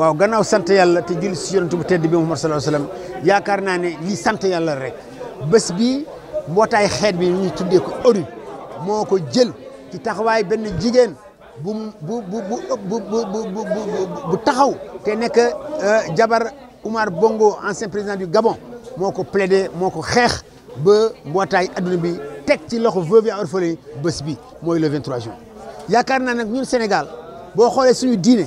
waaw gannaaw sant yàlla te julli si yonent bu tedd bi Muhammad sallallahu alayhi wa sallam yaakaar naa ne lii sant yàlla rek bés bii mbootaay xeet bi ñu tuddee ko ONU moo ko jël ci taxawaay benn jigéen bu bu bu bu bu bu bu taxaw te nekk euh, jabar Oumar Bongo ancien président du Gabon moo ko plaidé moo ko xeex ba mbootaay adduna bi teg ci loxo veuve et orphelin bés bi mooy le 23 juin yaakaar naa nag ñun Sénégal boo xoolee suñu diine.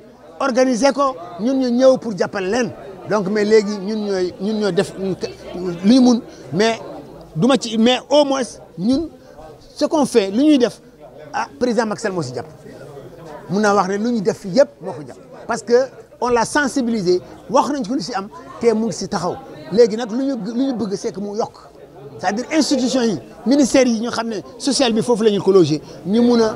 organiser ko ñun ñu ñëw pour jàppale len donc mais légui ñun ñoy ñun ñoy def li mun mais du ci mais au moins ñun ce qu'on fait lu ñuy def ah président Macky Sall moo si jàpp mun wax ne lu ñuy def yépp moko japp parce que on l'a sensibilisé wax nañ ko lu si am té mu ngi ci taxaw légui nak lu ñu lu ñu bëgg c'est que mu yok c'est-à-dire institution yi ministère yi ñu xamné social bi fofu lañu ñu ko logé ñu mëna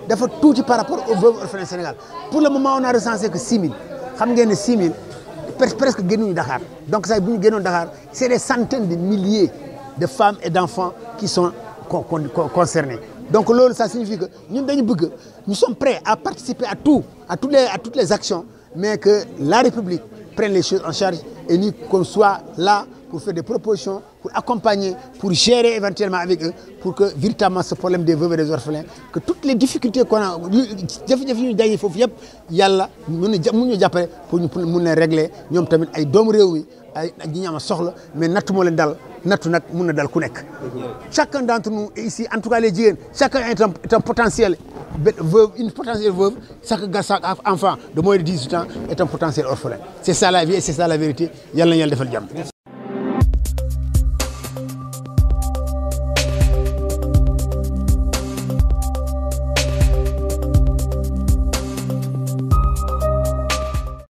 tout tout par rapport au veuve Sénégal pour le moment on a recensé que 6 000 xam ngeen que 6 000 presque génnuñu Dakar donc ça, nous ñu c'est Dakar c'est des centaines de milliers de femmes et d'enfants qui sont concernés donc ça signifie que nous sommes prêts à participer à tout à toutes les toutes les actions mais que la République prenne les choses en charge et nous, qu'on soit là pour faire des propositions, pour accompagner, pour gérer éventuellement avec eux, pour que véritablement ce problème des veuves et des orphelins, que toutes les difficultés qu'on a, il faut nous pour nous régler mais chacun d'entre nous est ici en tout cas les jeunes chacun un, potentiel une potentielle veuve, chaque enfant de moins de 18 ans est un potentiel orphelin. C'est ça la vie et c'est ça la vérité. Yalla